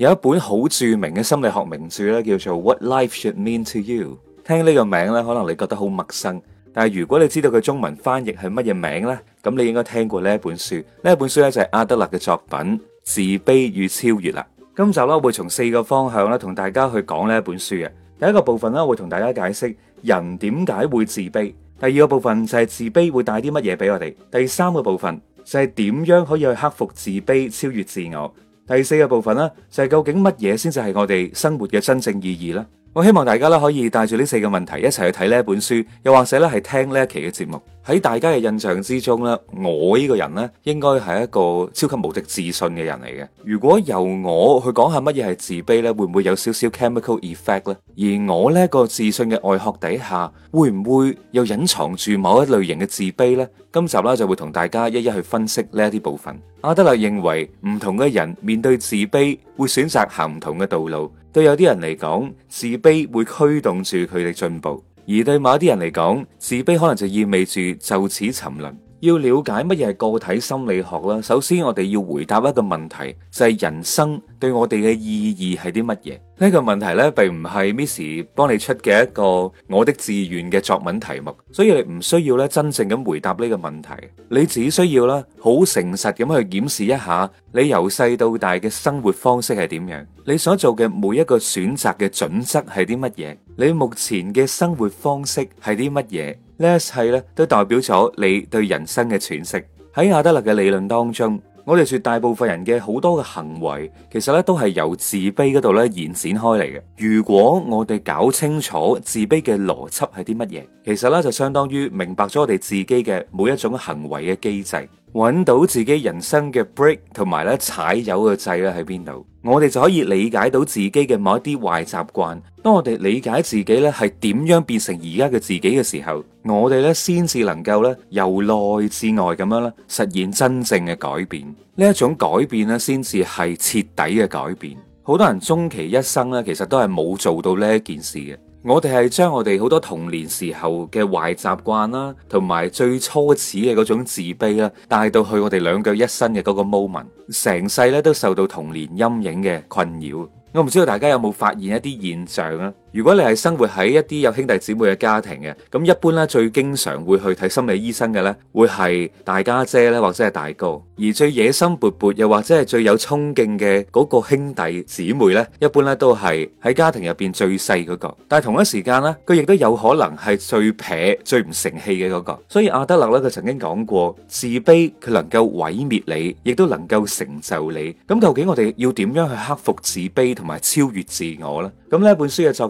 有一本好著名的心理學名著叫做 What Life Should Mean to You，聽呢個名可能你覺得好陌生，但如果你知道佢中文翻譯係乜嘢名呢，咁你應該聽過呢本書，呢本書就係阿德勒嘅作品，自卑與超越啦。今集就會從四個方向同大家去講呢本書，第一個部分會同大家解釋人點解會自卑，第二個部分就係自卑會帶啲乜嘢畀我哋，第三個部分就係點樣可以去克服自卑超越自我。第四個部分咧，就係究竟乜嘢先至係我哋生活嘅真正意義咧？我希望大家咧可以帶住呢四個問題一齊去睇呢一本書，又或者咧係聽呢一期嘅節目。喺大家嘅印象之中咧，我呢個人咧應該係一個超級無敵自信嘅人嚟嘅。如果由我去講下乜嘢係自卑呢，會唔會有少少 chemical effect 咧？而我呢一個自信嘅外殼底下，會唔會又隱藏住某一類型嘅自卑呢？今集啦就會同大家一一去分析呢一啲部分。阿德勒認為，唔同嘅人面對自卑會選擇行唔同嘅道路。對有啲人嚟講，自卑會驅動住佢哋進步。而對某啲人嚟講，自卑可能就意味住就此沉淪。要了解乜嘢係個體心理學啦，首先我哋要回答一個問題，就係、是、人生對我哋嘅意義係啲乜嘢？呢、這個問題呢，並唔係 Miss 幫你出嘅一個我的志願嘅作文題目，所以你唔需要咧真正咁回答呢個問題，你只需要啦好誠實咁去檢視一下你由細到大嘅生活方式係點樣，你所做嘅每一個選擇嘅準則係啲乜嘢，你目前嘅生活方式係啲乜嘢。呢一切咧都代表咗你對人生嘅詮釋。喺阿德勒嘅理論當中，我哋絕大部分人嘅好多嘅行為，其實咧都係由自卑嗰度咧延展開嚟嘅。如果我哋搞清楚自卑嘅邏輯係啲乜嘢，其實咧就相當於明白咗我哋自己嘅每一種行為嘅機制。揾到自己人生嘅 break 同埋咧踩油嘅掣咧喺邊度，我哋就可以理解到自己嘅某一啲壞習慣。當我哋理解自己咧係點樣變成而家嘅自己嘅時候，我哋咧先至能夠咧由內至外咁樣咧實現真正嘅改變。呢一種改變咧先至係徹底嘅改變。好多人終其一生咧，其實都係冇做到呢一件事嘅。我哋係將我哋好多童年時候嘅壞習慣啦，同埋最初始嘅嗰種自卑啦，帶到去我哋兩腳一伸嘅嗰個 moment，成世咧都受到童年陰影嘅困擾。我唔知道大家有冇發現一啲現象啊？如果你係生活喺一啲有兄弟姊妹嘅家庭嘅，咁一般咧最經常會去睇心理醫生嘅呢，會係大家姐咧，或者係大哥，而最野心勃勃又或者係最有衝勁嘅嗰個兄弟姊妹呢，一般呢都係喺家庭入邊最細嗰個。但係同一時間呢，佢亦都有可能係最跛、最唔成器嘅嗰個。所以阿德勒咧，佢曾經講過，自卑佢能夠毀滅你，亦都能夠成就你。咁究竟我哋要點樣去克服自卑同埋超越自我呢？咁呢本書嘅作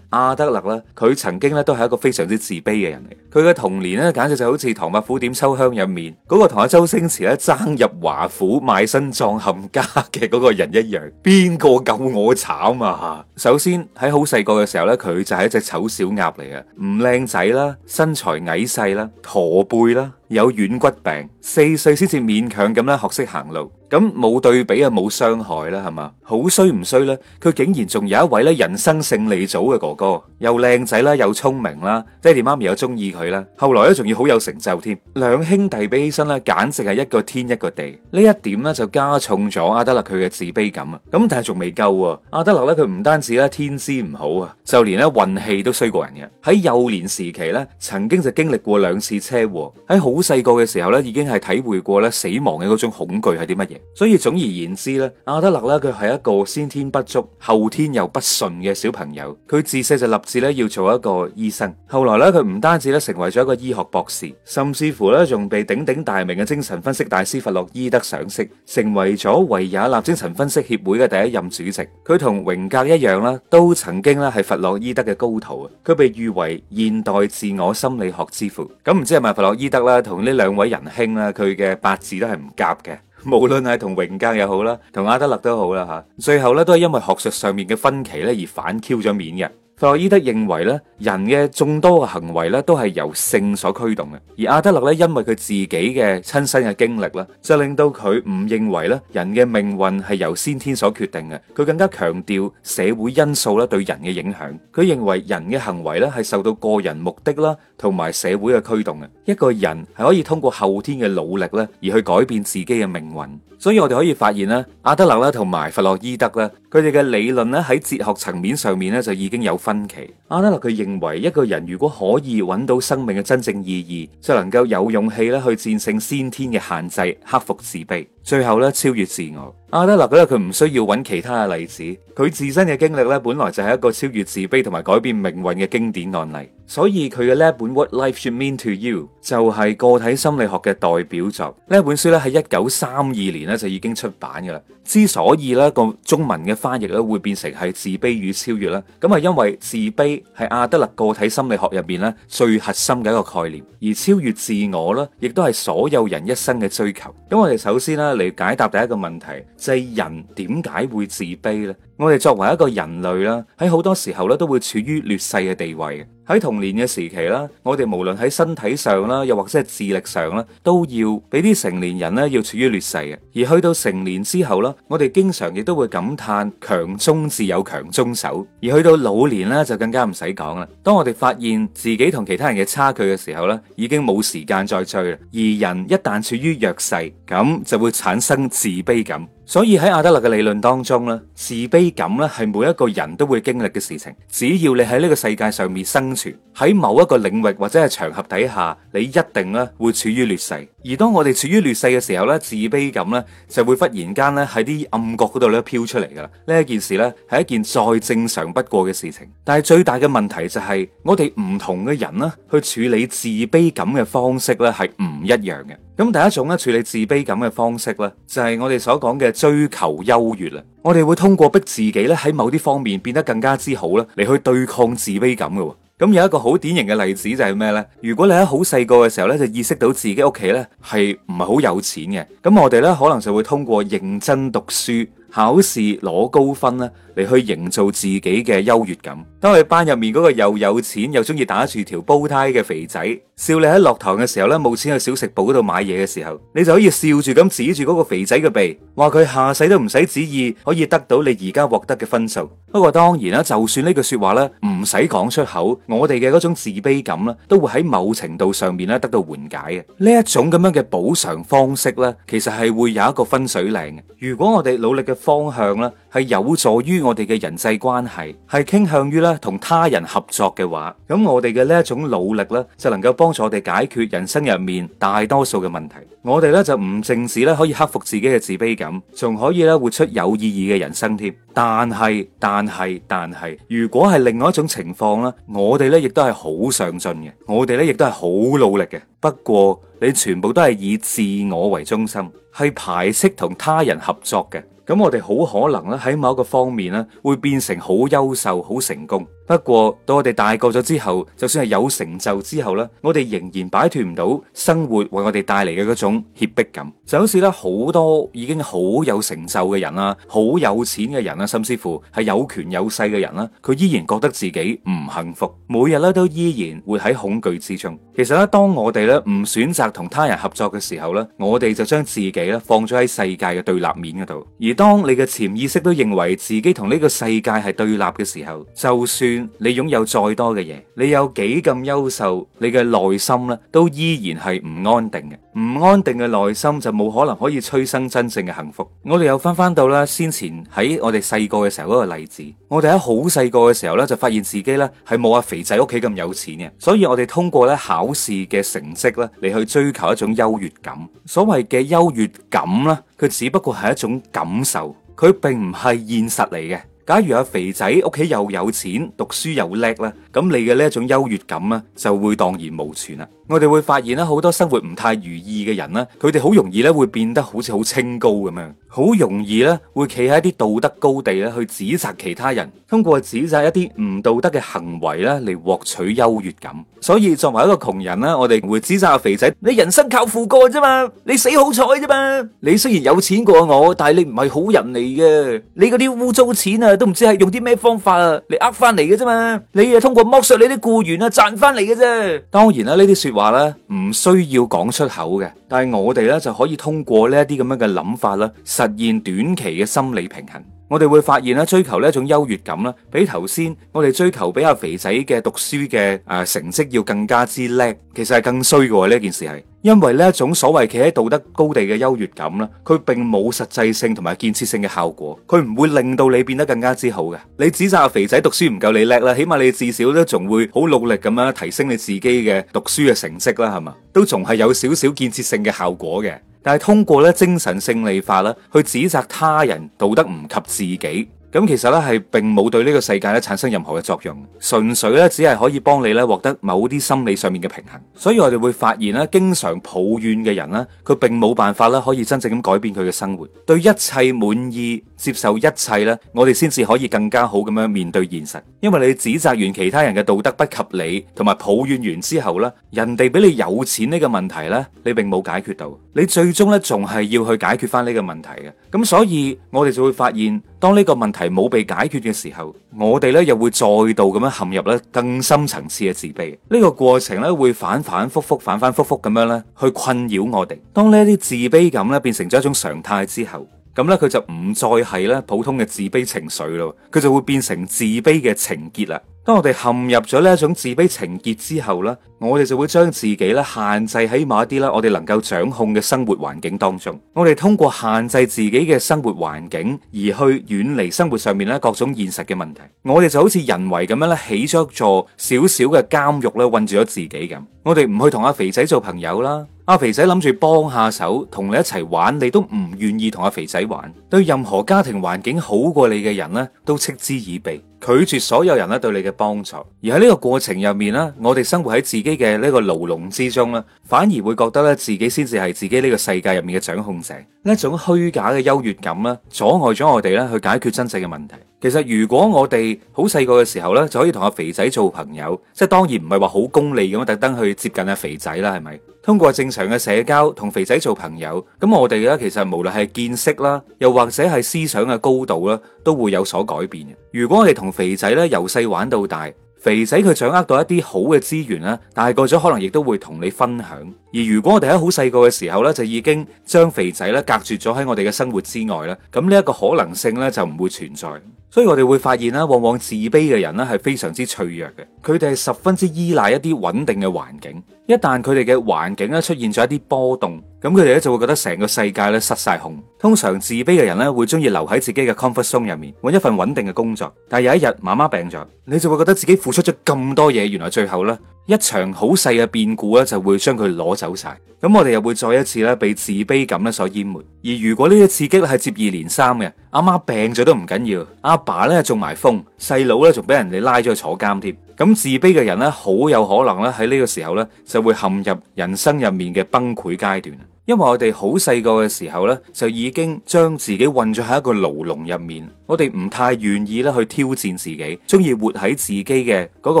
阿德勒啦，佢曾經咧都係一個非常之自卑嘅人嚟。佢嘅童年咧，簡直就好似《唐伯虎點秋香》入面嗰個同阿周星馳咧爭入華府、賣身葬冚家嘅嗰個人一樣。邊個夠我慘啊！首先喺好細個嘅時候咧，佢就係一隻醜小鴨嚟嘅，唔靚仔啦，身材矮細啦，駝背啦。有軟骨病，四歲先至勉強咁啦學識行路，咁冇對比啊，冇傷害啦係嘛，好衰唔衰咧？佢竟然仲有一位咧人生勝利組嘅哥哥，又靚仔啦又聰明啦，爹哋媽咪又中意佢啦，後來咧仲要好有成就添，兩兄弟比起身咧簡直係一個天一個地，呢一點咧就加重咗阿德勒佢嘅自卑感啊！咁但係仲未夠啊，阿德勒咧佢唔單止咧天資唔好啊，就連咧運氣都衰過人嘅，喺幼年時期咧曾經就經歷過兩次車禍，喺好，好細個嘅時候咧，已經係體會過咧死亡嘅嗰種恐懼係啲乜嘢，所以總而言之咧，阿德勒咧佢係一個先天不足、後天又不順嘅小朋友，佢自細就立志咧要做一個醫生。後來咧，佢唔單止咧成為咗一個醫學博士，甚至乎咧仲被鼎鼎大名嘅精神分析大師弗洛伊德賞識，成為咗維也納精神分析協會嘅第一任主席。佢同榮格一樣啦，都曾經啦係弗洛伊德嘅高徒啊。佢被譽為現代自我心理學之父。咁唔知係咪弗洛伊德啦？同呢兩位仁兄咧，佢嘅八字都係唔夾嘅，無論係同榮格又好啦，同阿德勒都好啦吓、啊，最後咧都係因為學術上面嘅分歧咧而反 Q 咗面嘅。弗洛伊德認為咧，人嘅眾多嘅行為咧，都係由性所驅動嘅。而阿德勒咧，因為佢自己嘅親身嘅經歷咧，就令到佢唔認為咧，人嘅命運係由先天所決定嘅。佢更加強調社會因素啦對人嘅影響。佢認為人嘅行為咧係受到個人目的啦同埋社會嘅驅動嘅。一個人係可以通過後天嘅努力咧，而去改變自己嘅命運。所以我哋可以發現咧，阿德勒啦同埋弗洛伊德咧，佢哋嘅理論咧，喺哲學層面上面咧，就已經有分歧。阿德勒佢認為一個人如果可以揾到生命嘅真正意義，就能夠有勇氣咧去戰勝先天嘅限制，克服自卑，最後咧超越自我。阿德勒覺得佢唔需要揾其他嘅例子，佢自身嘅經歷咧本來就係一個超越自卑同埋改變命運嘅經典案例。所以佢嘅呢本《What Life Should Mean to You》就係個體心理學嘅代表作。呢本書咧喺一九三二年咧就已經出版噶啦。之所以咧個中文嘅翻譯咧會變成係自卑與超越咧，咁係因為自卑。係阿德勒個體心理學入邊咧最核心嘅一個概念，而超越自我咧，亦都係所有人一生嘅追求。咁我哋首先咧嚟解答第一個問題，就係、是、人點解會自卑呢？我哋作為一個人類啦，喺好多時候咧都會處於劣勢嘅地位。喺童年嘅時期啦，我哋無論喺身體上啦，又或者係智力上啦，都要比啲成年人咧要處於劣勢嘅。而去到成年之後啦，我哋經常亦都會感嘆強中自有強中手。而去到老年咧，就更加唔使講啦。當我哋發現自己同其他人嘅差距嘅時候咧，已經冇時間再追啦。而人一旦處於弱勢，咁就會產生自卑感。所以喺阿德勒嘅理論當中咧，自卑感咧係每一個人都會經歷嘅事情。只要你喺呢個世界上面生存，喺某一個領域或者係場合底下，你一定咧會處於劣勢。而當我哋處於劣勢嘅時候咧，自卑感咧就會忽然間咧喺啲暗角嗰度咧飄出嚟噶啦。呢一件事咧係一件再正常不過嘅事情。但係最大嘅問題就係我哋唔同嘅人啦，去處理自卑感嘅方式咧係唔一樣嘅。咁第一種咧，處理自卑感嘅方式咧，就係我哋所講嘅追求優越啦。我哋會通過逼自己咧，喺某啲方面變得更加之好咧，嚟去對抗自卑感嘅。咁有一個好典型嘅例子就係咩咧？如果你喺好細個嘅時候咧，就意識到自己屋企咧係唔係好有錢嘅，咁我哋咧可能就會通過認真讀書、考試攞高分咧，嚟去營造自己嘅優越感。當你班入面嗰個又有錢又中意打住條煲呔嘅肥仔，笑你喺落堂嘅時候呢，冇錢去小食部嗰度買嘢嘅時候，你就可以笑住咁指住嗰個肥仔嘅鼻，話佢下世都唔使旨意可以得到你而家獲得嘅分數。不過當然啦，就算呢句話說話呢唔使講出口，我哋嘅嗰種自卑感呢都會喺某程度上面呢得到緩解嘅。呢一種咁樣嘅補償方式呢，其實係會有一個分水嶺嘅。如果我哋努力嘅方向呢……係有助於我哋嘅人際關係，係傾向於咧同他人合作嘅話，咁我哋嘅呢一種努力呢，就能夠幫助我哋解決人生入面大多數嘅問題。我哋呢，就唔淨止呢可以克服自己嘅自卑感，仲可以咧活出有意義嘅人生添。但係，但係，但係，如果係另外一種情況呢，我哋呢亦都係好上進嘅，我哋呢亦都係好努力嘅。不過你全部都係以自我為中心，係排斥同他人合作嘅。咁我哋好可能咧，喺某一個方面咧，會變成好優秀、好成功。不過到我哋大個咗之後，就算係有成就之後咧，我哋仍然擺脫唔到生活為我哋帶嚟嘅嗰種脅迫感。就好似咧，好多已經好有成就嘅人啦，好有錢嘅人啦，甚至乎係有權有勢嘅人啦，佢依然覺得自己唔幸福，每日咧都依然會喺恐懼之中。其實咧，當我哋咧唔選擇同他人合作嘅時候咧，我哋就將自己咧放咗喺世界嘅對立面嗰度。而當你嘅潛意識都認為自己同呢個世界係對立嘅時候，就算，你擁有再多嘅嘢，你有幾咁優秀，你嘅內心咧都依然係唔安定嘅。唔安定嘅內心就冇可能可以催生真正嘅幸福。我哋又翻翻到啦，先前喺我哋細個嘅時候嗰個例子。我哋喺好細個嘅時候咧就發現自己咧係冇阿肥仔屋企咁有錢嘅，所以我哋通過咧考試嘅成績咧嚟去追求一種優越感。所謂嘅優越感咧，佢只不過係一種感受，佢並唔係現實嚟嘅。假如阿肥仔屋企又有錢，讀書又叻咧，咁你嘅呢一種優越感咧，就會蕩然無存啦。我哋會發現咧，好多生活唔太如意嘅人咧，佢哋好容易咧會變得好似好清高咁樣，好容易咧會企喺一啲道德高地咧去指責其他人，通過指責一啲唔道德嘅行為咧嚟獲取優越感。所以作為一個窮人咧，我哋會指責阿肥仔：你人生靠富過啫嘛，你死好彩啫嘛。你雖然有錢過我，但係你唔係好人嚟嘅。你嗰啲污糟錢啊，都唔知係用啲咩方法啊嚟呃翻嚟嘅啫嘛。你啊通過剝削你啲僱員啊賺翻嚟嘅啫。當然啦，呢啲說話。話咧唔需要講出口嘅，但係我哋咧就可以通過呢一啲咁樣嘅諗法啦，實現短期嘅心理平衡。我哋會發現咧，追求呢一種優越感啦，比頭先我哋追求比阿肥仔嘅讀書嘅誒成績要更加之叻，其實係更衰嘅呢件事係。因為呢一種所謂企喺道德高地嘅優越感啦，佢並冇實際性同埋建設性嘅效果，佢唔會令到你變得更加之好嘅。你指責阿肥仔讀書唔夠你叻啦，起碼你至少都仲會好努力咁樣提升你自己嘅讀書嘅成績啦，係嘛？都仲係有少少建設性嘅效果嘅。但係通過咧精神勝利法啦，去指責他人道德唔及自己。咁其實呢，係並冇對呢個世界咧產生任何嘅作用，純粹呢，只係可以幫你咧獲得某啲心理上面嘅平衡，所以我哋會發現呢，經常抱怨嘅人呢，佢並冇辦法啦，可以真正咁改變佢嘅生活，對一切滿意。接受一切咧，我哋先至可以更加好咁樣面對現實。因為你指責完其他人嘅道德不及你，同埋抱怨完之後咧，人哋俾你有錢呢個問題咧，你並冇解決到。你最終咧，仲係要去解決翻呢個問題嘅。咁所以，我哋就會發現，當呢個問題冇被解決嘅時候，我哋咧又會再度咁樣陷入咧更深層次嘅自卑。呢個過程咧，會反反復復、反反復復咁樣咧，去困擾我哋。當呢啲自卑感咧，變成咗一種常態之後。咁咧，佢就唔再係咧普通嘅自卑情緒咯，佢就會變成自卑嘅情結啦。當我哋陷入咗呢一種自卑情結之後咧，我哋就會將自己咧限制喺某一啲咧我哋能夠掌控嘅生活環境當中。我哋通過限制自己嘅生活環境而去遠離生活上面咧各種現實嘅問題，我哋就好似人為咁樣咧起咗一座小小嘅監獄咧困住咗自己咁。我哋唔去同阿肥仔做朋友啦。阿肥仔諗住幫下手，同你一齊玩，你都唔願意同阿肥仔玩。對任何家庭環境好過你嘅人呢，都嗤之以鼻，拒絕所有人咧對你嘅幫助。而喺呢個過程入面呢，我哋生活喺自己嘅呢個牢籠之中呢，反而會覺得咧自己先至係自己呢個世界入面嘅掌控者，呢種虛假嘅優越感呢，阻礙咗我哋咧去解決真正嘅問題。其實如果我哋好細個嘅時候呢，就可以同阿肥仔做朋友，即係當然唔係話好功利咁樣特登去接近阿肥仔啦，係咪？通過正常嘅社交同肥仔做朋友，咁我哋呢，其實無論係見識啦，又或者係思想嘅高度啦，都會有所改變。如果我哋同肥仔呢由細玩到大，肥仔佢掌握到一啲好嘅資源啦，大個咗可能亦都會同你分享。而如果我哋喺好細個嘅時候呢，就已經將肥仔呢隔絕咗喺我哋嘅生活之外啦，咁呢一個可能性呢，就唔會存在。所以我哋會發現咧，往往自卑嘅人咧係非常之脆弱嘅，佢哋係十分之依賴一啲穩定嘅環境，一旦佢哋嘅環境咧出現咗一啲波動，咁佢哋咧就會覺得成個世界咧失晒控。通常自卑嘅人咧會中意留喺自己嘅 comfort zone 入面，搵一份穩定嘅工作。但係有一日媽媽病咗，你就會覺得自己付出咗咁多嘢，原來最後咧。一場好細嘅變故咧，就會將佢攞走晒。咁我哋又會再一次咧，被自卑感咧所淹沒。而如果呢啲刺激咧係接二連三嘅，阿媽病咗都唔緊要，阿爸咧中埋風，細佬咧仲俾人哋拉咗去坐監添。咁自卑嘅人咧，好有可能咧喺呢個時候咧就會陷入人生入面嘅崩潰階段。因為我哋好細個嘅時候咧就已經將自己困咗喺一個牢籠入面，我哋唔太願意咧去挑戰自己，中意活喺自己嘅嗰個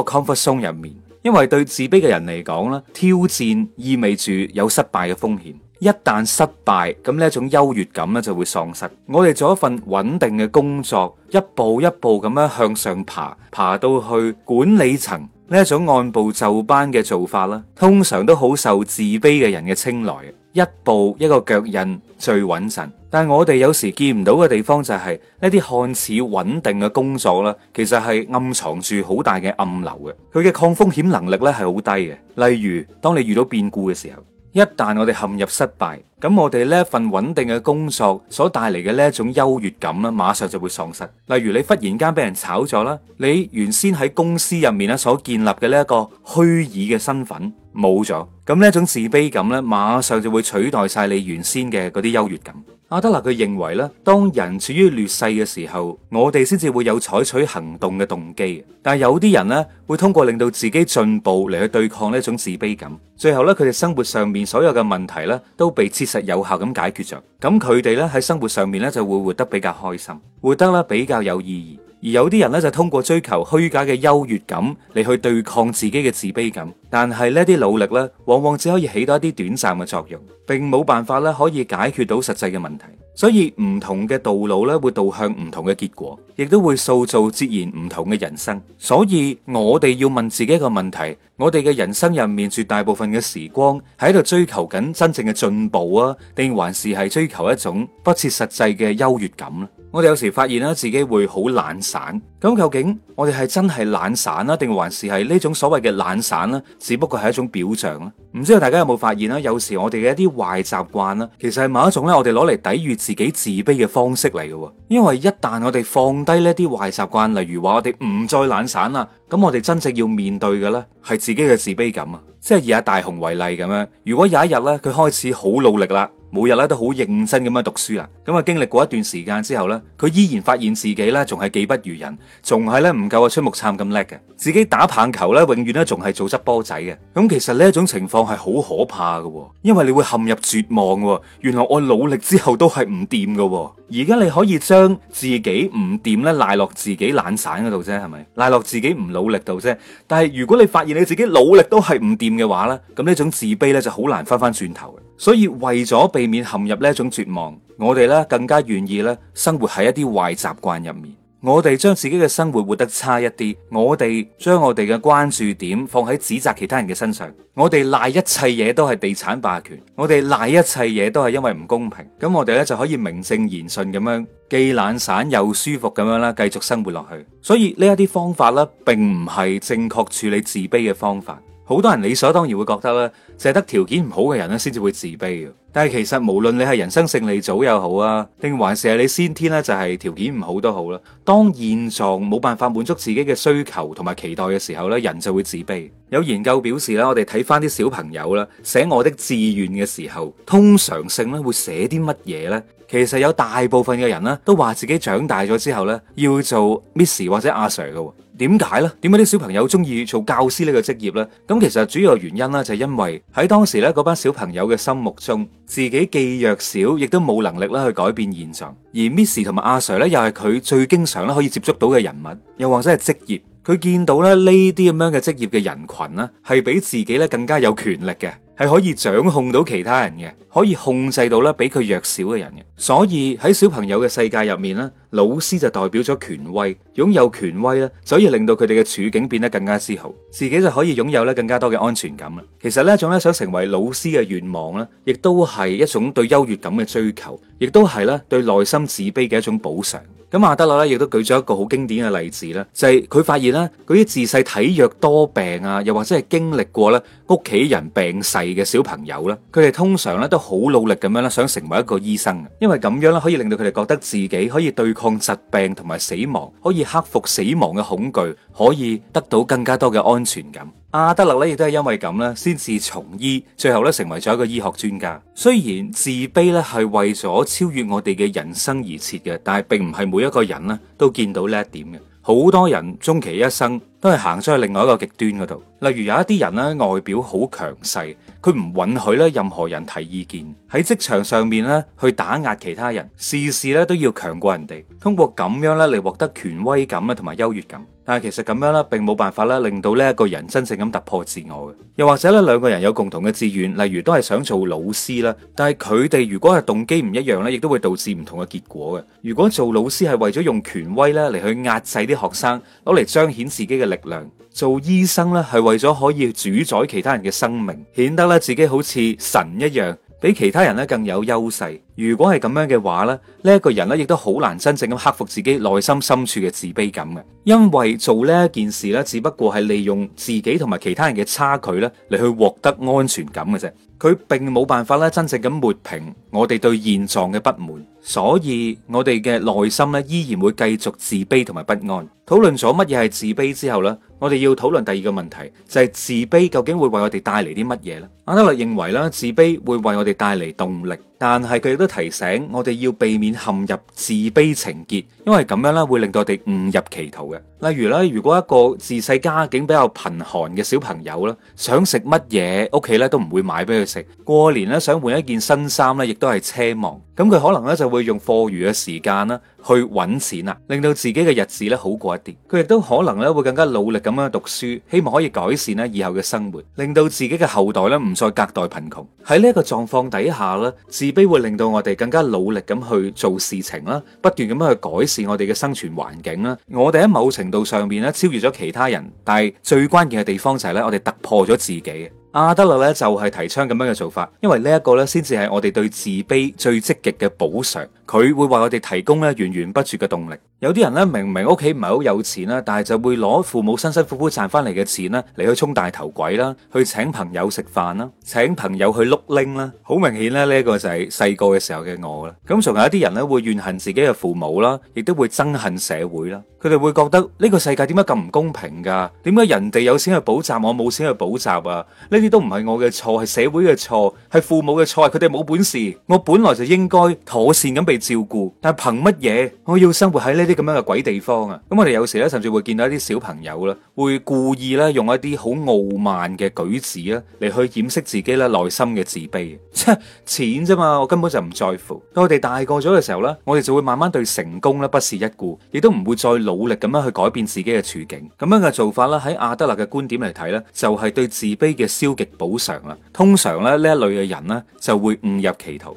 comfort zone 入面。因為對自卑嘅人嚟講咧，挑戰意味住有失敗嘅風險。一旦失敗，咁呢一種優越感咧就會喪失。我哋做一份穩定嘅工作，一步一步咁樣向上爬，爬到去管理層，呢一種按部就班嘅做法啦，通常都好受自卑嘅人嘅青睞。一步一個腳印最穩陣，但係我哋有時見唔到嘅地方就係呢啲看似穩定嘅工作啦，其實係暗藏住好大嘅暗流嘅，佢嘅抗風險能力咧係好低嘅。例如，當你遇到變故嘅時候。一旦我哋陷入失敗，咁我哋呢份穩定嘅工作所帶嚟嘅呢一種優越感呢，馬上就會喪失。例如你忽然間俾人炒咗啦，你原先喺公司入面咧所建立嘅呢一個虛擬嘅身份冇咗，咁呢一種自卑感呢，馬上就會取代晒你原先嘅嗰啲優越感。阿德勒佢認為咧，當人處於劣勢嘅時候，我哋先至會有採取行動嘅動機。但係有啲人咧，會通過令到自己進步嚟去對抗呢一種自卑感。最後咧，佢哋生活上面所有嘅問題咧，都被切實有效咁解決咗。咁佢哋咧喺生活上面咧，就會活得比較開心，活得咧比較有意義。而有啲人咧就通過追求虛假嘅優越感嚟去對抗自己嘅自卑感，但係呢啲努力咧，往往只可以起到一啲短暫嘅作用，並冇辦法咧可以解決到實際嘅問題。所以唔同嘅道路咧會導向唔同嘅結果，亦都會塑造截然唔同嘅人生。所以我哋要問自己一個問題：我哋嘅人生入面絕大部分嘅時光喺度追求緊真正嘅進步啊，定還是係追求一種不切實際嘅優越感呢？我哋有時發現啦，自己會好懶散。咁究竟我哋係真係懶散啦，定還是係呢種所謂嘅懶散咧？只不過係一種表象啦。唔知道大家有冇發現啦？有時我哋嘅一啲壞習慣啦，其實係某一種呢，我哋攞嚟抵禦自己自卑嘅方式嚟嘅。因為一旦我哋放低呢啲壞習慣，例如話我哋唔再懶散啦，咁我哋真正要面對嘅呢，係自己嘅自卑感啊。即係以阿大雄為例咁樣，如果有一日呢，佢開始好努力啦。每日咧都好認真咁樣讀書啦，咁啊經歷過一段時間之後呢，佢依然發現自己呢仲係技不如人，仲係呢唔夠阿出木杉咁叻嘅，自己打棒球呢永遠呢仲係做執波仔嘅。咁其實呢一種情況係好可怕嘅，因為你會陷入絕望，原來我努力之後都係唔掂嘅。而家你可以將自己唔掂咧賴落自己懶散嗰度啫，係咪賴落自己唔努力度啫？但係如果你發現你自己努力都係唔掂嘅話咧，咁呢種自卑咧就好難翻翻轉頭嘅。所以為咗避免陷入呢一種絕望，我哋咧更加願意咧生活喺一啲壞習慣入面。我哋將自己嘅生活活得差一啲，我哋將我哋嘅關注點放喺指責其他人嘅身上，我哋賴一切嘢都係地產霸權，我哋賴一切嘢都係因為唔公平，咁我哋咧就可以名正言順咁樣既懶散又舒服咁樣啦，繼續生活落去。所以呢一啲方法咧，並唔係正確處理自卑嘅方法。好多人理所當然會覺得咧，淨係得條件唔好嘅人咧先至會自卑嘅。但係其實無論你係人生勝利組又好啊，定還是係你先天咧就係條件唔好都好啦。當現狀冇辦法滿足自己嘅需求同埋期待嘅時候咧，人就會自卑。有研究表示咧，我哋睇返啲小朋友啦，寫我的志願嘅時候，通常性咧會寫啲乜嘢咧？其實有大部分嘅人咧都話自己長大咗之後咧要做 Miss 或者阿 Sir 㗎。點解呢？點解啲小朋友中意做教師呢個職業呢？咁其實主要原因呢，就係因為喺當時呢班小朋友嘅心目中，自己既弱小，亦都冇能力啦去改變現狀。而 Miss 同埋阿 Sir 呢，又係佢最經常咧可以接觸到嘅人物，又或者係職業。佢見到咧呢啲咁樣嘅職業嘅人群，呢係比自己咧更加有權力嘅，係可以掌控到其他人嘅，可以控制到咧比佢弱小嘅人嘅。所以喺小朋友嘅世界入面呢，老師就代表咗權威，擁有權威咧，所以令到佢哋嘅處境變得更加之好，自己就可以擁有咧更加多嘅安全感啦。其實呢一種咧想成為老師嘅願望呢，亦都係一種對優越感嘅追求，亦都係咧對內心自卑嘅一種補償。咁阿德勒咧，亦都舉咗一個好經典嘅例子啦。就係佢發現咧，嗰啲自細體弱多病啊，又或者係經歷過咧屋企人病逝嘅小朋友咧，佢哋通常咧都好努力咁樣咧，想成為一個醫生，因為咁樣咧可以令到佢哋覺得自己可以對抗疾病同埋死亡，可以克服死亡嘅恐懼，可以得到更加多嘅安全感。阿德勒咧亦都係因為咁咧，先至從醫，最後咧成為咗一個醫學專家。雖然自卑咧係為咗超越我哋嘅人生而設嘅，但係並唔係每一個人呢都見到呢一點嘅。好多人終其一生都係行咗去另外一個極端嗰度。例如有一啲人咧外表好強勢，佢唔允許咧任何人提意見，喺職場上面咧去打壓其他人，事事咧都要強過人哋，通過咁樣咧嚟獲得權威感啊同埋優越感。但係其實咁樣咧，並冇辦法咧，令到呢一個人真正咁突破自我嘅。又或者咧，兩個人有共同嘅志願，例如都係想做老師啦。但係佢哋如果係動機唔一樣咧，亦都會導致唔同嘅結果嘅。如果做老師係為咗用權威咧嚟去壓制啲學生，攞嚟彰顯自己嘅力量；做醫生咧係為咗可以主宰其他人嘅生命，顯得咧自己好似神一樣。比其他人咧更有優勢。如果係咁樣嘅話咧，呢一個人咧亦都好難真正咁克服自己內心深處嘅自卑感嘅，因為做呢一件事咧，只不過係利用自己同埋其他人嘅差距咧嚟去獲得安全感嘅啫。佢並冇辦法咧真正咁抹平我哋對現狀嘅不滿，所以我哋嘅內心咧依然會繼續自卑同埋不安。討論咗乜嘢係自卑之後咧，我哋要討論第二個問題，就係自卑究竟會為我哋帶嚟啲乜嘢呢？阿德勒認為咧，自卑會為我哋帶嚟動力，但係佢亦都提醒我哋要避免陷入自卑情結，因為咁樣咧會令到我哋誤入歧途嘅。例如咧，如果一個自細家境比較貧寒嘅小朋友咧，想食乜嘢屋企咧都唔會買俾佢食，過年咧想換一件新衫咧亦都係奢望。咁佢可能咧就會用課餘嘅時間啦去揾錢啊，令到自己嘅日子咧好過一啲。佢亦都可能咧會更加努力。咁樣讀書，希望可以改善咧以後嘅生活，令到自己嘅後代咧唔再隔代貧窮。喺呢個狀況底下咧，自卑會令到我哋更加努力咁去做事情啦，不斷咁樣去改善我哋嘅生存環境啦。我哋喺某程度上面咧超越咗其他人，但係最關鍵嘅地方就係咧，我哋突破咗自己。阿德勒咧就係提倡咁樣嘅做法，因為呢一個咧先至係我哋對自卑最積極嘅補償，佢會話我哋提供咧源源不絕嘅動力。有啲人咧明明屋企唔係好有錢啦，但係就會攞父母辛辛苦苦賺翻嚟嘅錢啦嚟去充大頭鬼啦，去請朋友食飯啦，請朋友去碌拎啦。好明顯咧呢一個就係細個嘅時候嘅我啦。咁仲有一啲人咧會怨恨自己嘅父母啦，亦都會憎恨社會啦。佢哋會覺得呢個世界點解咁唔公平噶？點解人哋有錢去補習，我冇錢去補習啊？呢啲都唔係我嘅錯，係社會嘅錯，係父母嘅錯，佢哋冇本事。我本來就應該妥善咁被照顧，但係憑乜嘢我要生活喺呢啲咁樣嘅鬼地方啊？咁我哋有時咧，甚至會見到一啲小朋友啦，會故意咧用一啲好傲慢嘅舉止啊，嚟去掩飾自己咧內心嘅自卑。切， 錢啫嘛，我根本就唔在乎。當我哋大個咗嘅時候咧，我哋就會慢慢對成功咧不屑一顧，亦都唔會再努力咁樣去改變自己嘅處境。咁樣嘅做法啦，喺阿德勒嘅觀點嚟睇咧，就係對自卑嘅消。超級補償啦，通常咧呢一類嘅人咧就會誤入歧途。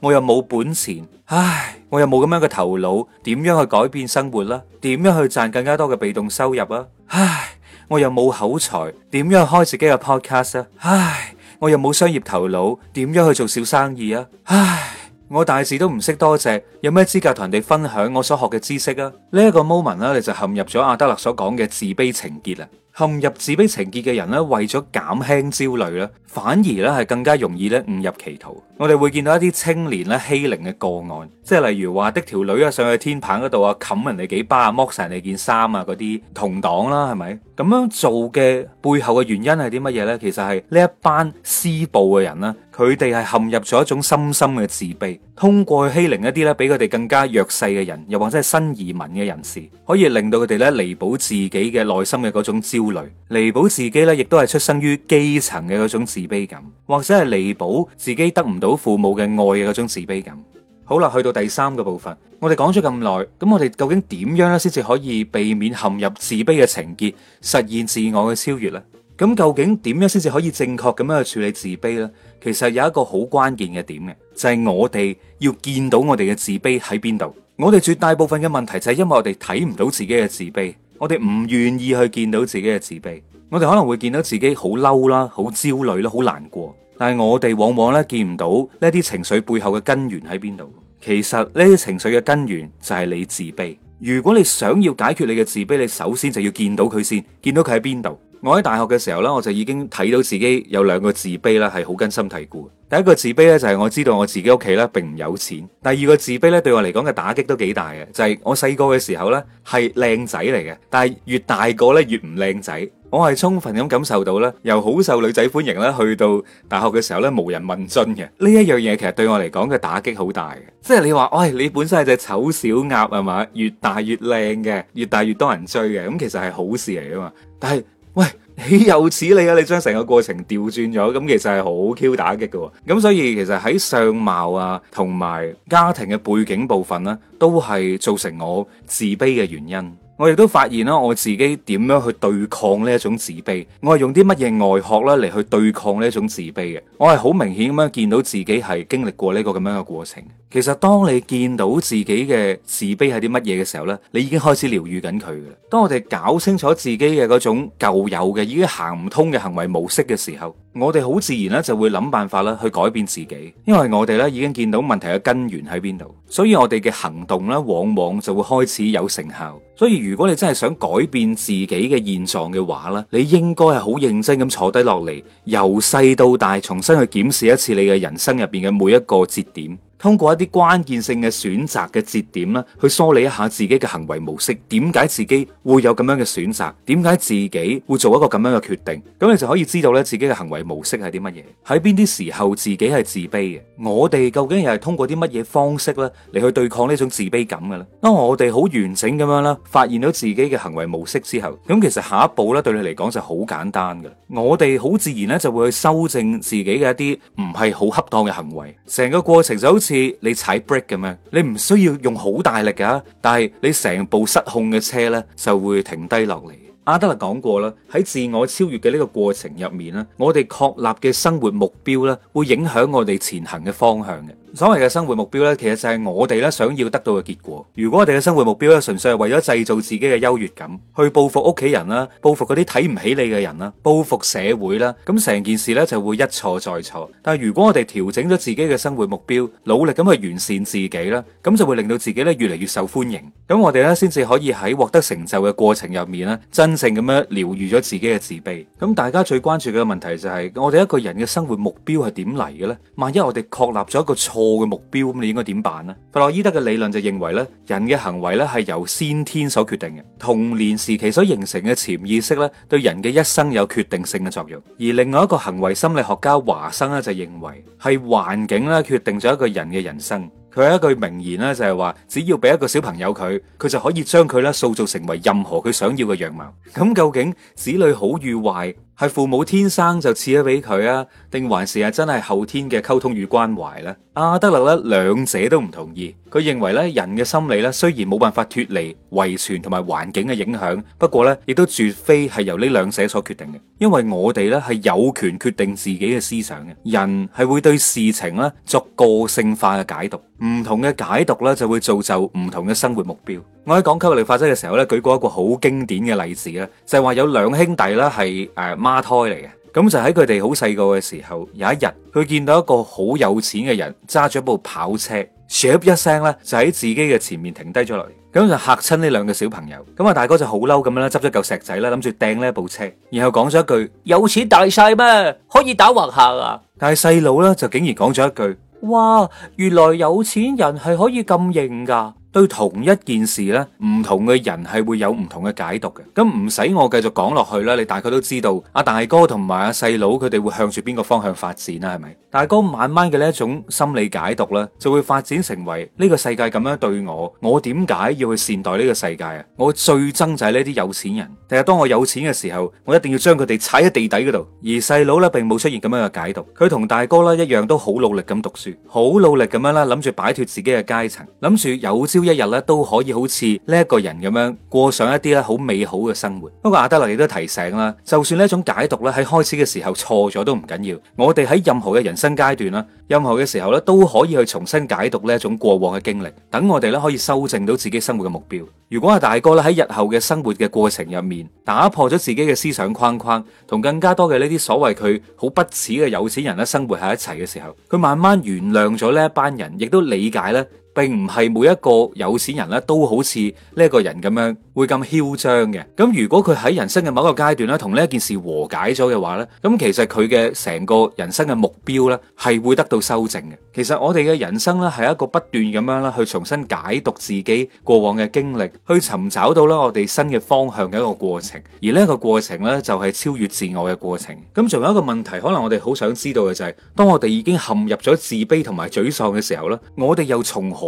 我又冇本錢，唉！我又冇咁樣嘅頭腦，點樣去改變生活啦？點樣去賺更加多嘅被動收入啊？唉！我又冇口才，點樣開自己嘅 podcast 啊？唉！我又冇商業頭腦，點樣去做小生意啊？唉！我大字都唔識多隻，有咩資格同人哋分享我所學嘅知識啊？呢一個 moment 呢，你就陷入咗阿德勒所講嘅自卑情結啦。陷入自卑情結嘅人咧，為咗減輕焦慮咧，反而咧係更加容易咧誤入歧途。我哋會見到一啲青年咧欺凌嘅個案，即係例如話的條女啊上去天棚嗰度啊，冚人哋幾巴，剝晒你件衫啊，嗰啲同黨啦，係咪咁樣做嘅背後嘅原因係啲乜嘢咧？其實係呢一班施暴嘅人啦，佢哋係陷入咗一種深深嘅自卑。通過欺凌一啲咧，比佢哋更加弱勢嘅人，又或者係新移民嘅人士，可以令到佢哋咧彌補自己嘅內心嘅嗰種焦慮，彌補自己咧亦都係出身於基層嘅嗰種自卑感，或者係彌補自己得唔到父母嘅愛嘅嗰種自卑感。好啦，去到第三個部分，我哋講咗咁耐，咁我哋究竟點樣咧先至可以避免陷入自卑嘅情結，實現自我嘅超越呢？咁究竟點樣先至可以正確咁樣去處理自卑呢？其實有一個好關鍵嘅點嘅，就係我哋要見到我哋嘅自卑喺邊度。我哋絕大部分嘅問題就係因為我哋睇唔到自己嘅自卑，我哋唔願意去見到自己嘅自卑。我哋可能會見到自己好嬲啦、好焦慮啦、好難過，但係我哋往往咧見唔到呢啲情緒背後嘅根源喺邊度。其實呢啲情緒嘅根源就係你自卑。如果你想要解決你嘅自卑，你首先就要見到佢先，見到佢喺邊度。我喺大學嘅時候呢，我就已經睇到自己有兩個自卑啦，係好根深蒂固。第一個自卑呢，就係我知道我自己屋企呢並唔有錢。第二個自卑呢，對我嚟講嘅打擊都幾大嘅，就係我細個嘅時候呢係靚仔嚟嘅，但係越大個呢越唔靚仔。我係充分咁感受到呢，由好受女仔歡迎啦。去到大學嘅時候呢，無人問津嘅呢一樣嘢，其實對我嚟講嘅打擊好大嘅。即係你話，喂，你本身係隻醜小鴨係嘛？越大越靚嘅，越大越多人追嘅，咁其實係好事嚟噶嘛？但係。喂，豈有此理啊！你將成個過程調轉咗，咁其實係好 Q 打擊噶。咁所以其實喺相貌啊，同埋家庭嘅背景部分咧，都係造成我自卑嘅原因。我亦都發現啦，我自己點樣去對抗呢一種自卑？我係用啲乜嘢外殼咧嚟去對抗呢一種自卑嘅？我係好明顯咁樣見到自己係經歷過呢個咁樣嘅過程。其實當你見到自己嘅自卑係啲乜嘢嘅時候呢，你已經開始療愈緊佢嘅。當我哋搞清楚自己嘅嗰種舊有嘅已經行唔通嘅行為模式嘅時候，我哋好自然咧，就會諗辦法啦，去改變自己。因為我哋咧已經見到問題嘅根源喺邊度，所以我哋嘅行動咧，往往就會開始有成效。所以如果你真係想改變自己嘅現狀嘅話咧，你應該係好認真咁坐低落嚟，由細到大重新去檢視一次你嘅人生入邊嘅每一個節點。通過一啲關鍵性嘅選擇嘅節點啦，去梳理一下自己嘅行為模式，點解自己會有咁樣嘅選擇？點解自己會做一個咁樣嘅決定？咁你就可以知道咧，自己嘅行為模式係啲乜嘢？喺邊啲時候自己係自卑嘅？我哋究竟又係通過啲乜嘢方式咧嚟，去對抗呢種自卑感嘅咧？當我哋好完整咁樣啦，發現到自己嘅行為模式之後，咁其實下一步咧，對你嚟講就好簡單㗎。我哋好自然咧就會去修正自己嘅一啲唔係好恰當嘅行為，成個過程就好似。似你踩 brake 咁樣，你唔需要用好大力噶，但係你成部失控嘅車呢，就會停低落嚟。阿德勒講過啦，喺自我超越嘅呢個過程入面咧，我哋確立嘅生活目標呢，會影響我哋前行嘅方向嘅。所謂嘅生活目標咧，其實就係我哋咧想要得到嘅結果。如果我哋嘅生活目標咧，純粹係為咗製造自己嘅優越感，去報復屋企人啦，報復嗰啲睇唔起你嘅人啦，報復社會啦，咁成件事咧就會一錯再錯。但係如果我哋調整咗自己嘅生活目標，努力咁去完善自己啦，咁就會令到自己咧越嚟越受歡迎。咁我哋咧先至可以喺獲得成就嘅過程入面咧，真正咁樣療癒咗自己嘅自卑。咁大家最關注嘅問題就係，我哋一個人嘅生活目標係點嚟嘅咧？萬一我哋確立咗一個錯。破嘅目標咁，你應該點辦咧？弗洛伊德嘅理論就認為咧，人嘅行為咧係由先天所決定嘅，童年時期所形成嘅潛意識咧，對人嘅一生有決定性嘅作用。而另外一個行為心理學家華生咧就認為係環境咧決定咗一個人嘅人生。佢有一句名言咧就係話，只要俾一個小朋友佢，佢就可以將佢咧塑造成為任何佢想要嘅樣貌。咁究竟子女好與壞？係父母天生就賜咗俾佢啊？定還是係真係後天嘅溝通與關懷咧？阿德勒咧兩者都唔同意，佢認為咧人嘅心理咧雖然冇辦法脫離遺傳同埋環境嘅影響，不過咧亦都絕非係由呢兩者所決定嘅，因為我哋咧係有權決定自己嘅思想嘅。人係會對事情咧作個性化嘅解讀，唔同嘅解讀咧就會造就唔同嘅生活目標。我喺講吸引力法則嘅時候咧，舉過一個好經典嘅例子嘅，就係話有兩兄弟咧係誒。孖胎嚟嘅，咁就喺佢哋好細個嘅時候，有一日佢見到一個好有錢嘅人揸住一部跑車咻一聲咧就喺自己嘅前面停低咗落嚟，咁就嚇親呢兩個小朋友。咁啊大哥就好嬲咁樣咧，執咗嚿石仔咧，諗住掟呢部車，然後講咗一句有錢大曬咩？可以打橫行啊！但係細佬咧就竟然講咗一句：哇，原來有錢人係可以咁型噶。對同一件事咧，唔同嘅人係會有唔同嘅解讀嘅。咁唔使我繼續講落去啦，你大概都知道阿大哥同埋阿細佬佢哋會向住邊個方向發展啦，係咪？大哥慢慢嘅呢一種心理解讀咧，就會發展成為呢個世界咁樣對我，我點解要去善待呢個世界啊？我最憎就係呢啲有錢人，第日當我有錢嘅時候，我一定要將佢哋踩喺地底嗰度。而細佬咧，並冇出現咁樣嘅解讀，佢同大哥啦一樣，都好努力咁讀書，好努力咁樣啦，諗住擺脫自己嘅階層，諗住有朝。一日咧都可以好似呢一個人咁樣過上一啲咧好美好嘅生活。不過阿德勒亦都提醒啦，就算呢一種解讀咧喺開始嘅時候錯咗都唔緊要。我哋喺任何嘅人生階段啦，任何嘅時候咧都可以去重新解讀呢一種過往嘅經歷，等我哋咧可以修正到自己生活嘅目標。如果阿大哥咧喺日後嘅生活嘅過程入面打破咗自己嘅思想框框，同更加多嘅呢啲所謂佢好不恥嘅有錢人咧生活喺一齊嘅時候，佢慢慢原諒咗呢一班人，亦都理解咧，並唔係每一個有錢人咧，都好似呢一個人咁樣會咁囂張嘅。咁如果佢喺人生嘅某個階段咧，同呢一件事和解咗嘅話呢，咁其實佢嘅成個人生嘅目標呢係會得到修正嘅。其實我哋嘅人生呢，係一個不斷咁樣咧，去重新解讀自己過往嘅經歷，去尋找到咧我哋新嘅方向嘅一個過程。而呢一個過程呢，就係超越自我嘅過程。咁仲有一個問題，可能我哋好想知道嘅就係，當我哋已經陷入咗自卑同埋沮喪嘅時候呢，我哋又從何？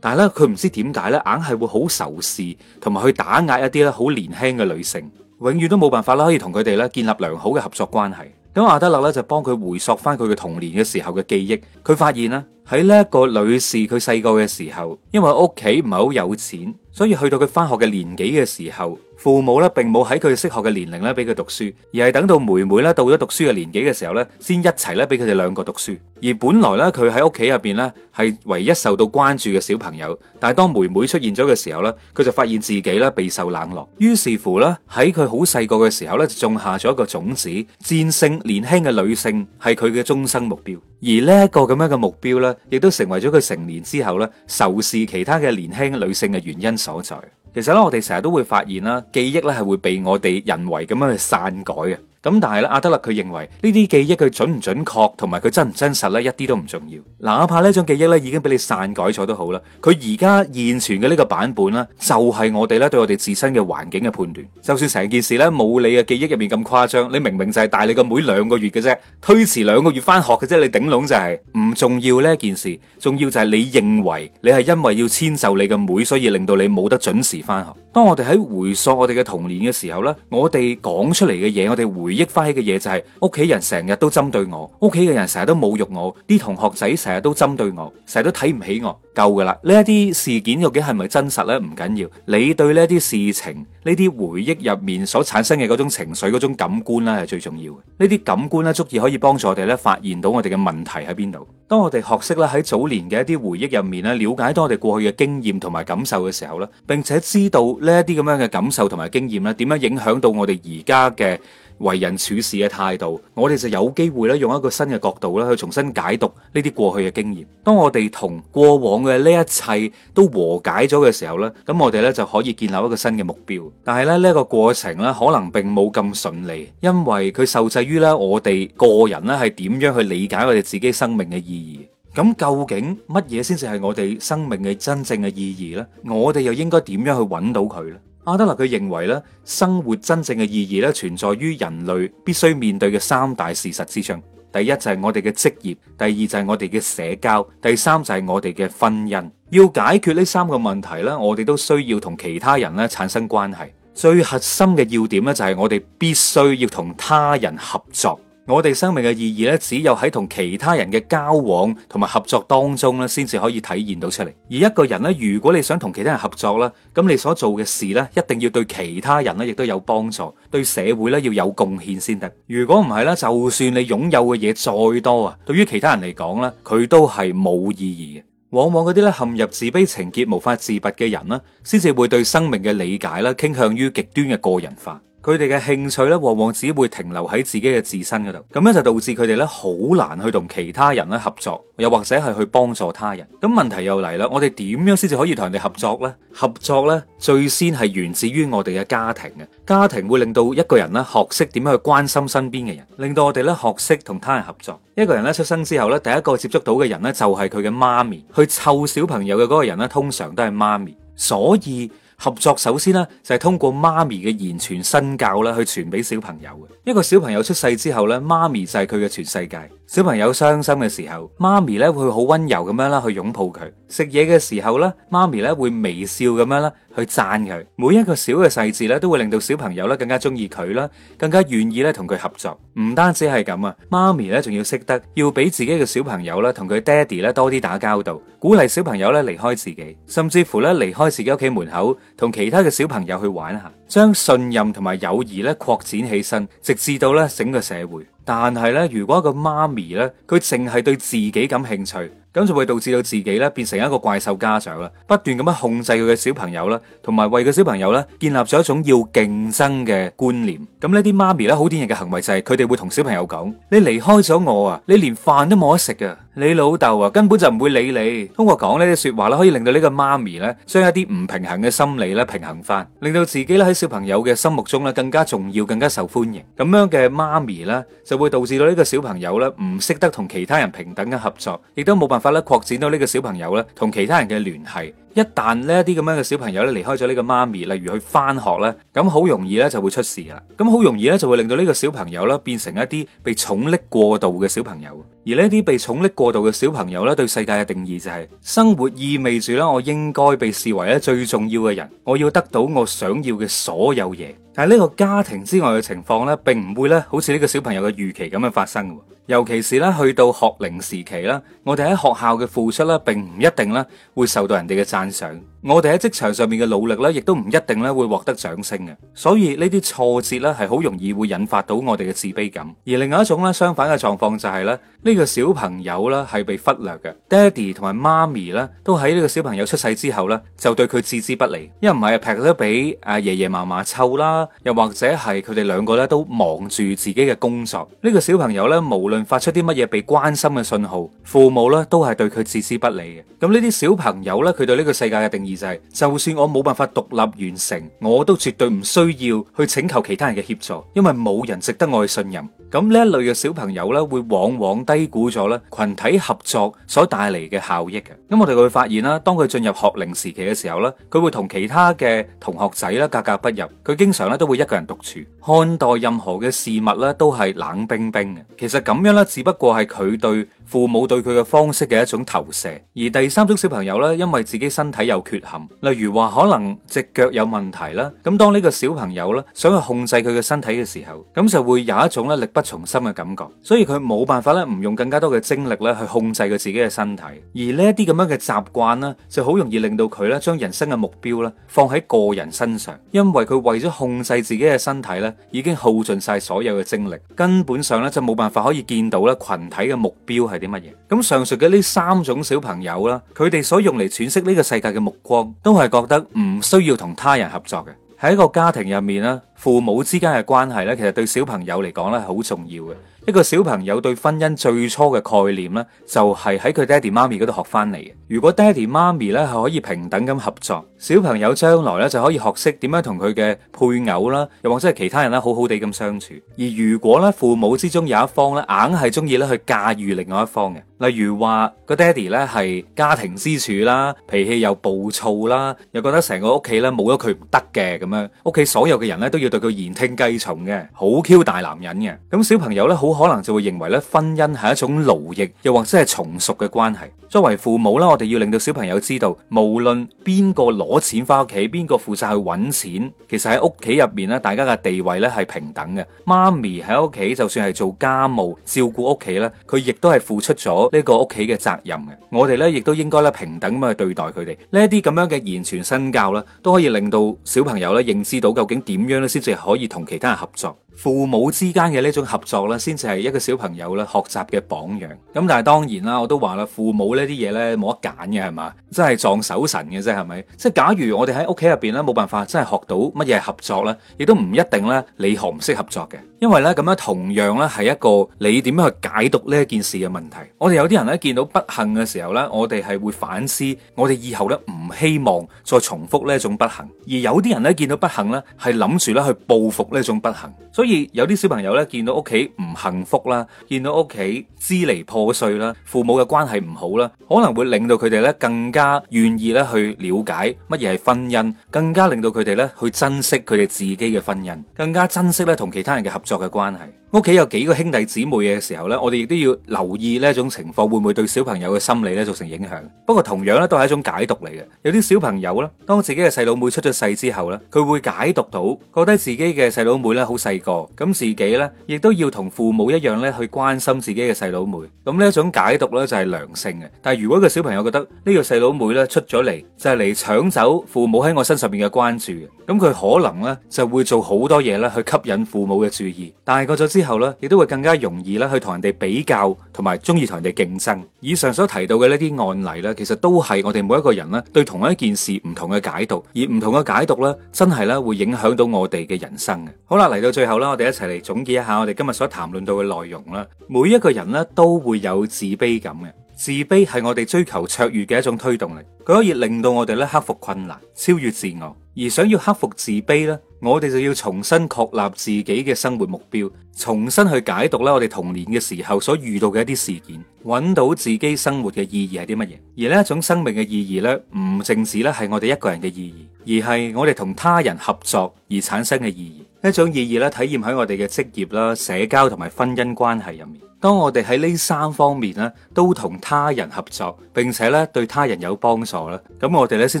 但係咧，佢唔知點解咧，硬係會好仇視，同埋去打壓一啲咧好年輕嘅女性，永遠都冇辦法啦，可以同佢哋咧建立良好嘅合作關係。咁阿德勒咧就幫佢回溯返佢嘅童年嘅時候嘅記憶，佢發現咧喺呢一個女士佢細個嘅時候，因為屋企唔係好有錢，所以去到佢返學嘅年紀嘅時候。父母咧並冇喺佢適學嘅年齡咧俾佢讀書，而係等到妹妹咧到咗讀書嘅年紀嘅時候咧，先一齊咧俾佢哋兩個讀書。而本來咧佢喺屋企入邊咧係唯一受到關注嘅小朋友，但係當妹妹出現咗嘅時候咧，佢就發現自己咧備受冷落。於是乎咧喺佢好細個嘅時候咧就種下咗一個種子，戰勝年輕嘅女性係佢嘅終生目標。而呢一個咁樣嘅目標咧，亦都成為咗佢成年之後咧仇視其他嘅年輕女性嘅原因所在。其實咧，我哋成日都會發現啦，記憶咧係會被我哋人為咁樣去篡改嘅。咁但係咧，阿德勒佢認為呢啲記憶佢準唔準確，同埋佢真唔真實呢一啲都唔重要。哪怕呢種記憶咧已經俾你篡改咗都好啦。佢而家現存嘅呢個版本呢就係、是、我哋呢對我哋自身嘅環境嘅判斷。就算成件事呢冇你嘅記憶入面咁誇張，你明明就係帶你個妹，妹兩個月嘅啫，推遲兩個月翻學嘅啫，你頂籠就係、是、唔重要呢件事。重要就係你認為你係因為要遷就你個妹，所以令到你冇得準時翻學。當我哋喺回溯我哋嘅童年嘅時候呢，我哋講出嚟嘅嘢，我哋回。回憶翻起嘅嘢就係屋企人成日都針對我，屋企嘅人成日都侮辱我，啲同學仔成日都針對我，成日都睇唔起我，夠噶啦！呢一啲事件究竟係咪真實咧？唔緊要，你對呢一啲事情、呢啲回憶入面所產生嘅嗰種情緒、嗰種感官咧，係最重要嘅。呢啲感官咧，足以可以幫助我哋咧發現到我哋嘅問題喺邊度。當我哋學識咧喺早年嘅一啲回憶入面咧，了解到我哋過去嘅經驗同埋感受嘅時候咧，並且知道呢一啲咁樣嘅感受同埋經驗咧，點樣影響到我哋而家嘅。為人處事嘅態度，我哋就有機會咧，用一個新嘅角度咧去重新解讀呢啲過去嘅經驗。當我哋同過往嘅呢一切都和解咗嘅時候咧，咁我哋咧就可以建立一個新嘅目標。但係咧，呢一個過程咧，可能並冇咁順利，因為佢受制於咧我哋個人咧係點樣去理解我哋自己生命嘅意義。咁究竟乜嘢先至係我哋生命嘅真正嘅意義呢？我哋又應該點樣去揾到佢呢？阿德勒佢認為咧，生活真正嘅意義咧，存在於人類必須面對嘅三大事實之上。第一就係我哋嘅職業，第二就係我哋嘅社交，第三就係我哋嘅婚姻。要解決呢三個問題咧，我哋都需要同其他人咧產生關係。最核心嘅要點咧，就係我哋必須要同他人合作。我哋生命嘅意義咧，只有喺同其他人嘅交往同埋合作當中咧，先至可以體現到出嚟。而一個人咧，如果你想同其他人合作咧，咁你所做嘅事咧，一定要對其他人咧，亦都有幫助，對社會咧要有貢獻先得。如果唔係咧，就算你擁有嘅嘢再多啊，對於其他人嚟講咧，佢都係冇意義嘅。往往嗰啲咧陷入自卑情結、無法自拔嘅人咧，先至會對生命嘅理解咧，傾向於極端嘅個人化。佢哋嘅興趣咧，往往只會停留喺自己嘅自身嗰度，咁樣就導致佢哋咧好難去同其他人咧合作，又或者係去幫助他人。咁問題又嚟啦，我哋點樣先至可以同人哋合作呢？合作呢，最先係源自於我哋嘅家庭嘅，家庭會令到一個人咧學識點樣去關心身邊嘅人，令到我哋咧學識同他人合作。一個人咧出生之後咧，第一個接觸到嘅人咧就係佢嘅媽咪，去湊小朋友嘅嗰個人咧通常都係媽咪，所以，合作首先呢，就係通過媽咪嘅言傳身教啦，去傳俾小朋友嘅。一個小朋友出世之後呢，媽咪就係佢嘅全世界。小朋友傷心嘅時候，媽咪呢會好溫柔咁樣啦，去擁抱佢。食嘢嘅時候呢，媽咪呢會微笑咁樣啦。去贊佢，每一個小嘅細節咧，都會令到小朋友咧更加中意佢啦，更加願意咧同佢合作。唔單止係咁啊，媽咪咧仲要識得要俾自己嘅小朋友咧同佢爹哋咧多啲打交道，鼓勵小朋友咧離開自己，甚至乎咧離開自己屋企門口，同其他嘅小朋友去玩下，將信任同埋友誼咧擴展起身，直至到咧整個社會。但係咧，如果一個媽咪咧佢淨係對自己感興趣。咁就會導致到自己咧變成一個怪獸家長啦，不斷咁樣控制佢嘅小朋友啦，同埋為佢小朋友咧建立咗一種要競爭嘅觀念。咁呢啲媽咪咧好典型嘅行為就係佢哋會同小朋友講：你離開咗我啊，你連飯都冇得食噶。你老豆啊，根本就唔會理你。通過講呢啲說話咧，可以令到呢個媽咪咧，將一啲唔平衡嘅心理咧平衡返，令到自己咧喺小朋友嘅心目中咧更加重要、更加受歡迎。咁樣嘅媽咪咧，就會導致到呢個小朋友咧唔識得同其他人平等嘅合作，亦都冇辦法咧擴展到呢個小朋友咧同其他人嘅聯繫。一旦呢一啲咁樣嘅小朋友咧離開咗呢個媽咪，例如去翻學咧，咁好容易咧就會出事啦。咁好容易咧就會令到呢個小朋友啦變成一啲被寵溺過度嘅小朋友。而呢啲被寵溺過度嘅小朋友咧，對世界嘅定義就係生活意味住咧，我應該被視為咧最重要嘅人，我要得到我想要嘅所有嘢。但係呢個家庭之外嘅情況呢，並唔會呢好似呢個小朋友嘅預期咁樣發生。尤其是呢，去到學齡時期啦，我哋喺學校嘅付出呢，並唔一定呢會受到人哋嘅讚賞。我哋喺職場上面嘅努力咧，亦都唔一定咧會獲得掌聲嘅，所以呢啲挫折咧係好容易會引發到我哋嘅自卑感。而另外一種咧相反嘅狀況就係咧，呢個小朋友咧係被忽略嘅，爹哋同埋媽咪咧都喺呢個小朋友出世之後咧就對佢置之不理，因為唔係劈咗俾阿爺爺嫲嫲湊啦，又或者係佢哋兩個咧都忙住自己嘅工作，呢個小朋友咧無論發出啲乜嘢被關心嘅信號，父母咧都係對佢置之不理嘅。咁呢啲小朋友咧佢對呢個世界嘅定義，就係就算我冇辦法獨立完成，我都絕對唔需要去請求其他人嘅協助，因為冇人值得我去信任。咁呢一類嘅小朋友咧，會往往低估咗咧群體合作所帶嚟嘅效益嘅。咁我哋會發現啦，當佢進入學齡時期嘅時候咧，佢會同其他嘅同學仔咧格格不入，佢經常咧都會一個人獨處，看待任何嘅事物咧都係冷冰冰嘅。其實咁樣咧，只不過係佢對父母對佢嘅方式嘅一種投射。而第三種小朋友咧，因為自己身體有缺。例如話可能隻腳有問題啦，咁當呢個小朋友啦想去控制佢嘅身體嘅時候，咁就會有一種咧力不從心嘅感覺，所以佢冇辦法咧唔用更加多嘅精力咧去控制佢自己嘅身體，而呢一啲咁樣嘅習慣咧就好容易令到佢咧將人生嘅目標咧放喺個人身上，因為佢為咗控制自己嘅身體咧已經耗盡晒所有嘅精力，根本上咧就冇辦法可以見到咧群體嘅目標係啲乜嘢。咁上述嘅呢三種小朋友啦，佢哋所用嚟詮釋呢個世界嘅目標。都係覺得唔需要同他人合作嘅，喺一個家庭入面啦。父母之間嘅關係咧，其實對小朋友嚟講咧係好重要嘅。一個小朋友對婚姻最初嘅概念咧，就係喺佢爹哋媽咪嗰度學翻嚟嘅。如果爹哋媽咪咧係可以平等咁合作，小朋友將來咧就可以學識點樣同佢嘅配偶啦，又或者係其他人啦，好好地咁相處。而如果咧父母之中有一方咧硬係中意咧去駕馭另外一方嘅，例如話個爹哋咧係家庭支柱啦，脾氣又暴躁啦，又覺得成個屋企咧冇咗佢唔得嘅咁樣，屋企所有嘅人咧都要，對佢言聽計從嘅，好 Q 大男人嘅，咁小朋友咧好可能就會認為咧，婚姻係一種奴役，又或者係從屬嘅關係。作為父母啦，我哋要令到小朋友知道，無論邊個攞錢翻屋企，邊個負責去揾錢，其實喺屋企入面咧，大家嘅地位咧係平等嘅。媽咪喺屋企就算係做家務、照顧屋企咧，佢亦都係付出咗呢個屋企嘅責任嘅。我哋咧亦都應該咧平等咁去對待佢哋。呢一啲咁樣嘅言傳身教啦，都可以令到小朋友咧認知到究竟點樣咧先。即係可以同其他人合作。父母之間嘅呢種合作咧，先至係一個小朋友咧學習嘅榜樣。咁但係當然啦，我都話啦，父母呢啲嘢咧冇得揀嘅係嘛，真係撞手神嘅啫係咪？即係假如我哋喺屋企入邊咧，冇辦法真係學到乜嘢合作呢，亦都唔一定呢。你學唔識合作嘅。因為呢，咁樣同樣呢係一個你點樣去解讀呢一件事嘅問題。我哋有啲人呢，見到不幸嘅時候呢，我哋係會反思，我哋以後呢唔希望再重複呢一種不幸。而有啲人呢，見到不幸呢，係諗住呢去報復呢一種不幸。所以有啲小朋友咧，見到屋企唔幸福啦，見到屋企支離破碎啦，父母嘅關係唔好啦，可能會令到佢哋咧更加願意咧去了解乜嘢係婚姻，更加令到佢哋咧去珍惜佢哋自己嘅婚姻，更加珍惜咧同其他人嘅合作嘅關係。屋企有幾個兄弟姊妹嘅時候咧，我哋亦都要留意呢一種情況會唔會對小朋友嘅心理咧造成影響。不過同樣咧，都係一種解讀嚟嘅。有啲小朋友咧，當自己嘅細佬妹出咗世之後咧，佢會解讀到覺得自己嘅細佬妹咧好細個，咁自己咧亦都要同父母一樣咧去關心自己嘅細佬妹。咁呢一種解讀咧就係良性嘅。但係如果個小朋友覺得呢個細佬妹咧出咗嚟就係嚟搶走父母喺我身上面嘅關注嘅，咁佢可能咧就會做好多嘢咧去吸引父母嘅注意。但係過咗之後。之後咧，亦都會更加容易咧去同人哋比較，同埋中意同人哋競爭。以上所提到嘅呢啲案例咧，其實都係我哋每一個人咧對同一件事唔同嘅解讀，而唔同嘅解讀咧，真係咧會影響到我哋嘅人生嘅。好啦，嚟到最後啦，我哋一齊嚟總結一下我哋今日所談論到嘅內容啦。每一個人咧都會有自卑感嘅。自卑係我哋追求卓越嘅一種推動力，佢可以令到我哋咧克服困難，超越自我。而想要克服自卑咧，我哋就要重新確立自己嘅生活目標，重新去解讀咧我哋童年嘅時候所遇到嘅一啲事件，揾到自己生活嘅意義係啲乜嘢。而呢一種生命嘅意義咧，唔淨止咧係我哋一個人嘅意義，而係我哋同他人合作而產生嘅意義。呢種意義咧，體現喺我哋嘅職業啦、社交同埋婚姻關係入面。當我哋喺呢三方面咧，都同他人合作，並且咧對他人有幫助咧，咁我哋咧先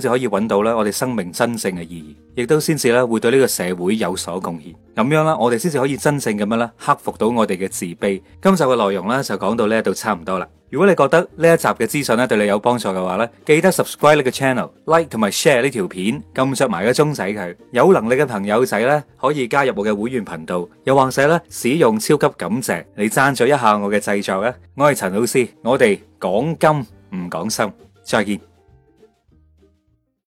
至可以揾到咧我哋生命真正嘅意義，亦都先至咧會對呢個社會有所貢獻。咁樣咧，我哋先至可以真正咁樣咧克服到我哋嘅自卑。今集嘅內容咧就講到呢一度差唔多啦。如果你覺得呢一集嘅資訊咧對你有幫助嘅話咧，記得 subscribe 呢個 channel，like 同埋 share 呢條片，撳著埋個鐘仔佢。有能力嘅朋友仔咧可以加入我嘅會員頻道，又或者咧使用超級感謝嚟贊助一下。我嘅製作啊，我係陳老師，我哋講金唔講心，再見。